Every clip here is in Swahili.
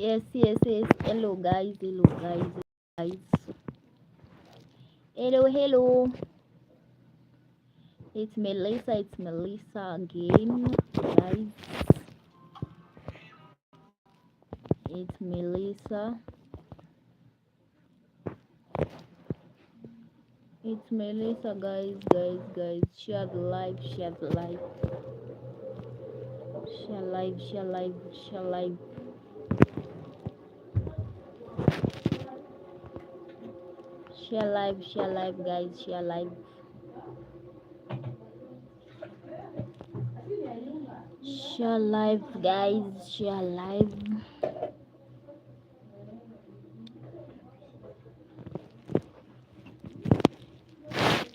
yes yes yes hello guys hello guys guys hello hello it's melissa it's melissa again guys it's melissa it's melissa guys guys guys share the live share the live share live share live share live share live share live guys share live share live guys share live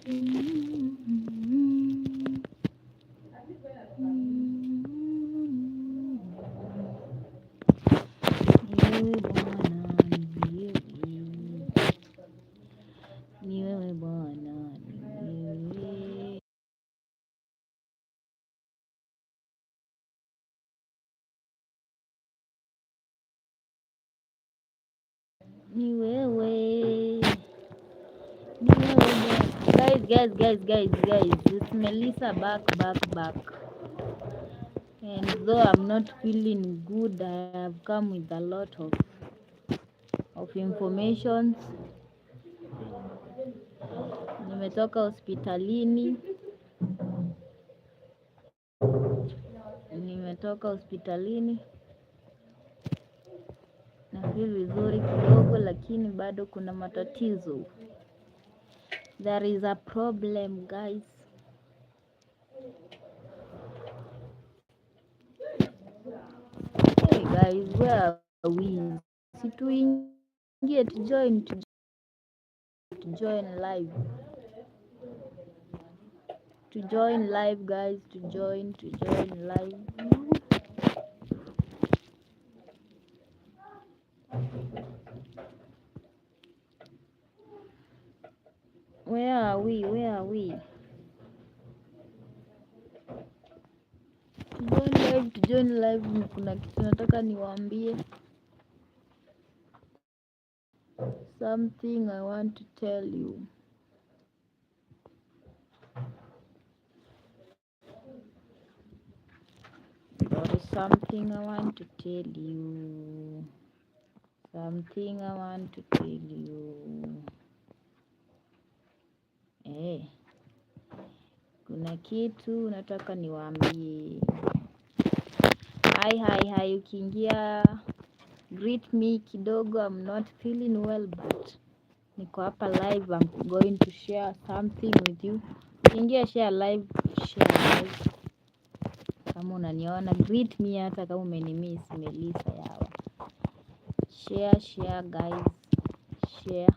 mm -hmm. Guys, guys, guys, guys, guys! It's Melissa back back back and though I'm not feeling good I have come with a lot of of informations ametoka hospitalini. Nimetoka hospitalini. na si vizuri kidogo, lakini bado kuna matatizo. There is a problem guys. Hey guys, where are we? Situingie tujoin, tujoin live to join live guys, to join, to join live. Where are we? Where are we? To join live, to join live, kuna kitu nataka niwaambie. Something I want to tell you. There is something I want to tell you. Something I want to tell you. Eh, kuna kitu nataka niwaambie. Hi, hi, hi. ukiingia greet me kidogo. I'm not feeling well but niko hapa live. I'm going to share something with you. Ukiingia share live, share live kama unaniona greet me hata kama umenimiss melisa yawa share share guys share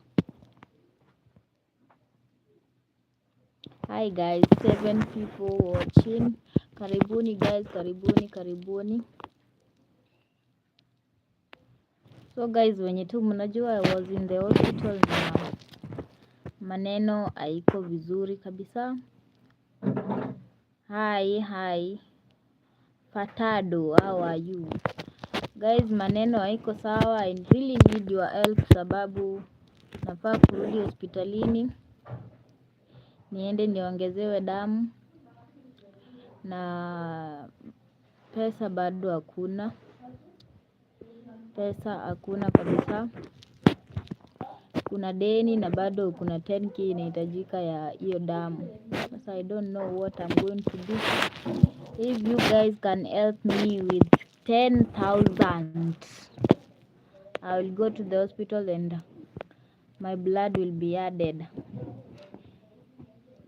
hi guys seven people watching karibuni guys karibuni karibuni so guys wenye tu mnajua I was in the hospital na maneno haiko vizuri kabisa hi hi patado au are you guys maneno haiko sawa i really need your help sababu nafaa kurudi hospitalini niende niongezewe damu na pesa bado hakuna pesa hakuna kabisa kuna deni na bado kuna 10k inahitajika ya hiyo damu sasa i don't know what i'm going to do if you guys can help me with 10,000 I will go to the hospital and my blood will be added.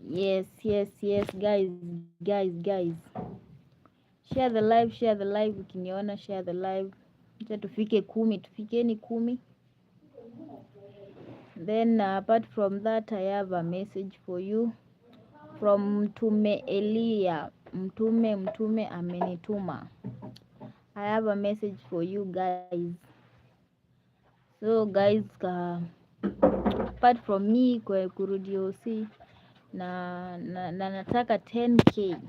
Yes, yes, yes, guys, guys, guys. Share the live, share the live. Ukiniona share the live. Acha tufike kumi, tufikeni kumi. Then uh, apart from that I have a message for you from Tume Elia mtume mtume amenituma i have a message for you guys so guys ka apart from me kwa kurudi OC na, na, na nataka 10k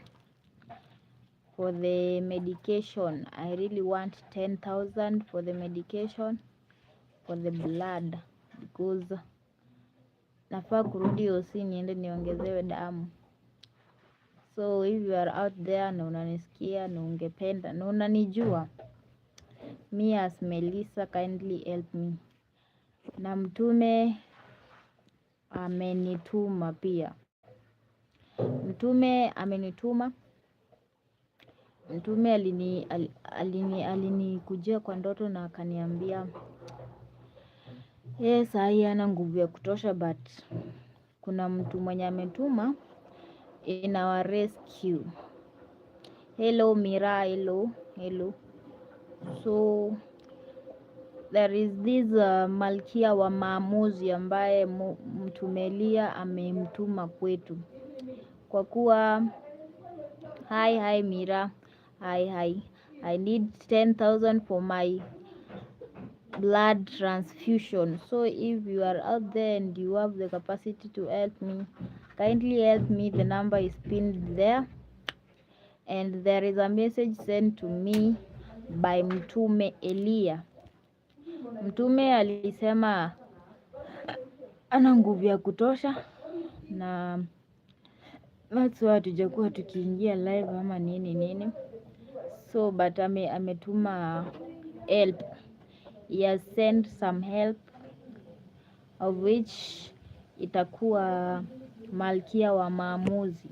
for the medication i really want 10000 for the medication for the blood because nafaa kurudi OC niende niongezewe damu So if you are out there na unanisikia na ungependa na unanijua me as Melissa, kindly help me na mtume amenituma pia. Mtume amenituma. Mtume alini alini alinikujia kwa ndoto na akaniambia yeye saa hii hana nguvu ya kutosha, but kuna mtu mwenye ametuma rescue. Hello Mira, hello hello. So there is this uh, malkia wa maamuzi ambaye mtumelia amemtuma kwetu kwa kuwa hi hi Mira hi hi I need 10,000 for my blood transfusion so if you are out there and you have the capacity to help me Kindly help me. The number is pinned there and there is a message sent to me by Mtume elia Mtume alisema ana nguvu ya kutosha na that's why hatujakuwa tukiingia live ama nini nini, so but ame, ametuma help. He has sent some help of which itakuwa malkia wa maamuzi.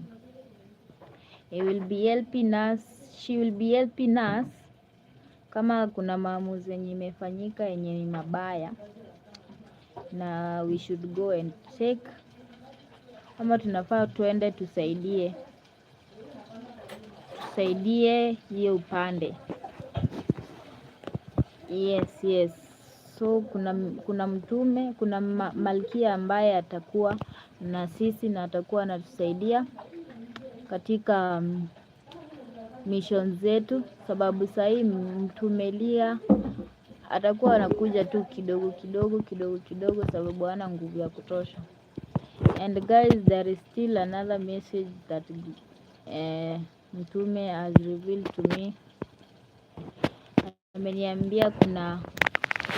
He will be helping us, she will be helping us. Kama kuna maamuzi yenye imefanyika yenye ni mabaya, na we should go and check, ama tunafaa tuende tusaidie, tusaidie hiyo upande. Yes, yes. So kuna kuna mtume, kuna malkia ambaye atakuwa na sisi na atakuwa anatusaidia katika um, mission zetu, sababu sahii mtumelia atakuwa anakuja tu kidogo kidogo kidogo kidogo, sababu hana nguvu ya kutosha. And guys there is still another message that uh, mtume has revealed to me, ameniambia kuna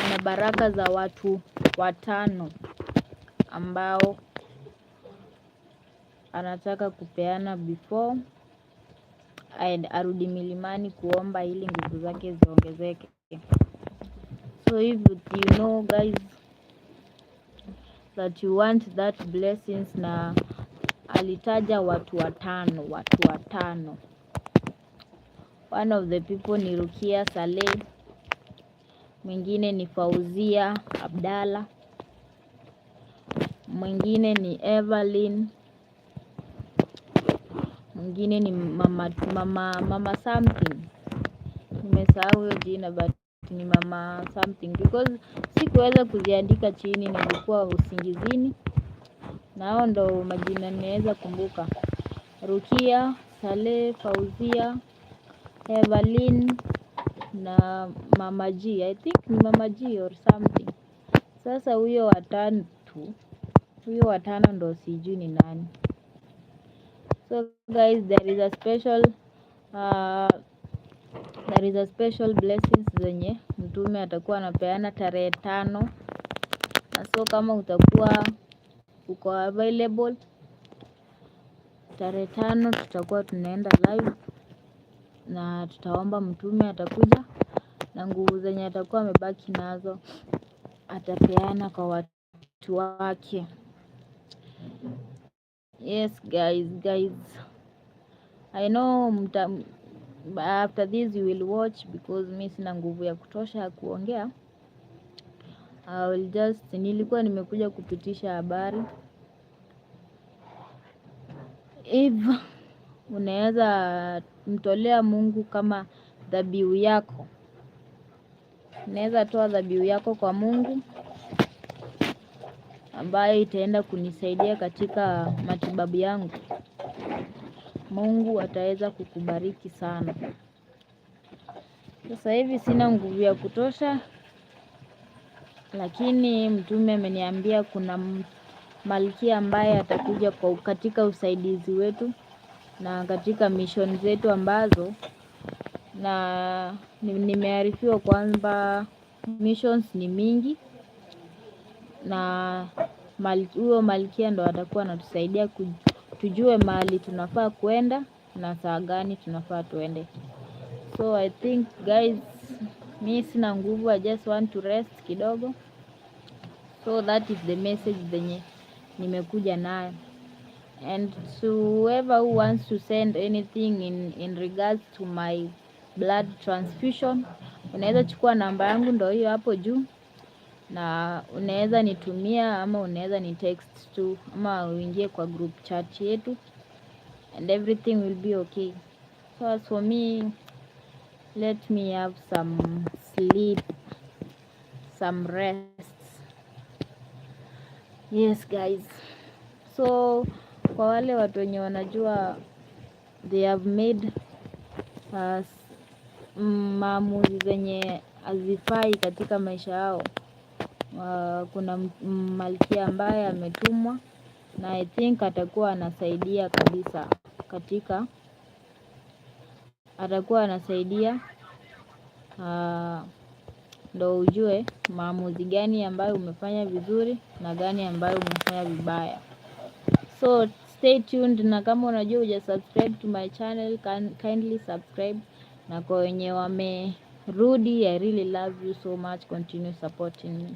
kuna baraka za watu watano ambao anataka kupeana before arudi milimani kuomba ili nguvu zake ziongezeke. So if you know guys that you want that blessings, na alitaja watu watano, watu watano. One of the people ni Rukia Saleh, mwingine ni Fauzia Abdalla, mwingine ni Evelyn Mwingine ni mama something. Nimesahau hiyo jina but ni mama something because sikuweza kuziandika chini nilikuwa usingizini. Na hao ndo majina nimeweza kumbuka. Rukia, Saleh, Fauzia, Evelyn na mama G. I think ni mama G or something. Sasa huyo wa tatu, huyo wa tano ndo sijui ni nani so guys there is a special uh, there is a special blessings zenye mtume atakuwa anapeana tarehe tano na so kama utakuwa uko available tarehe tano tutakuwa tunaenda live na tutaomba mtume atakuja na nguvu zenye atakuwa amebaki nazo atapeana kwa watu wake Yes guys, guys. I know mta, after this you will watch because mi sina nguvu ya kutosha ya kuongea. I will just, nilikuwa nimekuja kupitisha habari If unaweza mtolea Mungu kama dhabihu yako, unaweza toa dhabihu yako kwa Mungu ambayo itaenda kunisaidia katika matibabu yangu. Mungu ataweza kukubariki sana. Sasa hivi sina nguvu ya kutosha, lakini mtume ameniambia kuna malkia ambaye atakuja kwa katika usaidizi wetu na katika mission zetu ambazo na nimearifiwa kwamba missions ni mingi na huyo malkia ndo atakuwa anatusaidia tujue mahali tunafaa kuenda na saa gani tunafaa tuende so I think guys mi sina nguvu I just want to rest kidogo so that is the message zenye nimekuja nayo and to whoever who wants to send anything in, in regards to my blood transfusion unaweza chukua namba yangu ndo hiyo hapo juu na unaweza nitumia ama unaweza ni text tu ama uingie kwa group chat yetu and everything will be okay. So as for me, let me have some sleep, some rest. Yes guys, so kwa wale watu wenye wanajua they have made uh, mm, maamuzi zenye hazifai katika maisha yao Uh, kuna malkia ambaye ametumwa na I think atakuwa anasaidia kabisa katika atakuwa anasaidia uh, ndo ujue maamuzi gani ambayo umefanya vizuri na gani ambayo umefanya vibaya so stay tuned na kama unajua uja subscribe to my channel kindly subscribe na kwa wenye wamerudi I really love you so much continue supporting me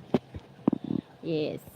Yes.